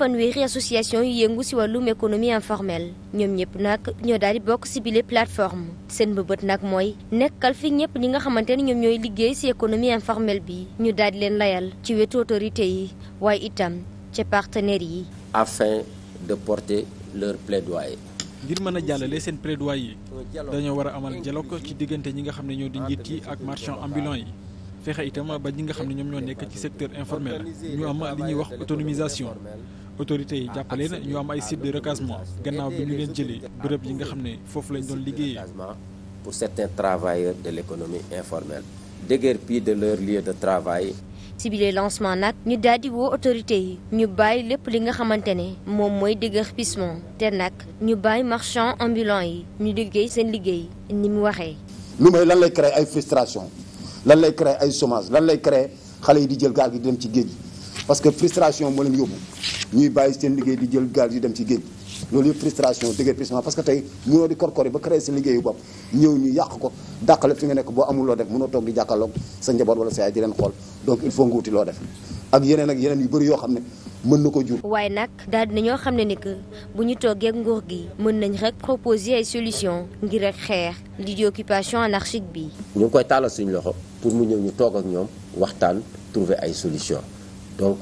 fanweeri association yu yëngu ci wàllum économie informelle ñoom ñëpp nag ñoo daal di bokk ci bile plateforme seen mbëbët nag mooy nekkal fi ñëpp ñi nga xamante ne ñoom ñooy liggéey ci économie informelle bi ñu daal leen layal ci wetu autorité yi waaye itam ca partenaires yi. afin de porter leur plaidoyer. ngir mën a jàllale seen plaidoyer yi dañoo war a amal dialogue ci diggante ñi nga xam ne ñoo di njiit yi ak marchand ambulant yi. fexe itam ba ñi nga xam ne ñoom ñoo nekk ci secteur informel ñu am li ñuy wax autonomisation autorité yi jàppale na ñu am ay sites de recasement gannaaw bi ñu leen jëlee bërëb yi nga xam ne foofu lañ doon liggéeyee. pour certains travailleurs de l'économie informelle déguerpis de leur lieu de travail. ci bile lancement nag ñu daal woo autorité yi ñu bàyyi lépp li nga xamante ne moom mooy déguerpissement te nag ñu bàyyi marchand ambulant yi ñu liggéey seen liggéey ni mu waxee. lu may lan lay créer ay lan lay créer ay chômage lan lay créer xale yi di jël gaal gi di dem ci géej gi parce que frustration moo leen yóbbu ñuy bàyyi seen liggéey di jël gaal di dem ci géej loolu yëpp frustration déguerpissement parce que tey mënoo di korkor yi ba créer seen liggéeyu bopp ñëw ñu yàq ko dàqale fi nga nekk boo amuloo loo def mënoo toog di jàkkaarloog sa njaboot wala sa yaay di leen xool donc il faut nga wuti loo def ak yeneen ak yeneen yu bëri yoo xam ne mën na ko jur. waaye nag daal di na xam ne ni que bu ñu toogee ak nguur gi mën nañ rek proposer ay solution ngir rek xeex li di occupation anarchique bi. ñu ngi koy tàllal suñu loxo pour mu ñëw ñu toog ak ñoom waxtaan trouver ay solution donc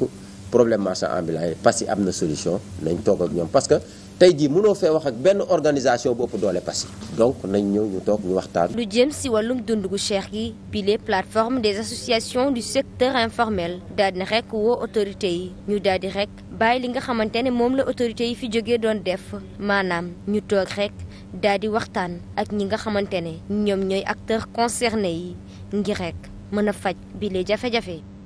problème marchand ambulant yi parce que am na solution nañ toog ak ñoom parce que. tey jii mënoo fee wax ak benn organisation bu ëpp doole Passy donc nañ ñëw ñu toog ñu waxtaan. lu jëm si wàllum dund gu cher gi bile plateforme des associations du secteur informel daal di rek woo autorité yi ñu daal di rek bàyyi li nga xamante ne moom la autorité yi fi jógee doon def maanaam ñu toog rek daal di waxtaan ak ñi nga xamante ne ñoom ñooy acteurs concernés yi ngi rek mën a faj bile jafe-jafe.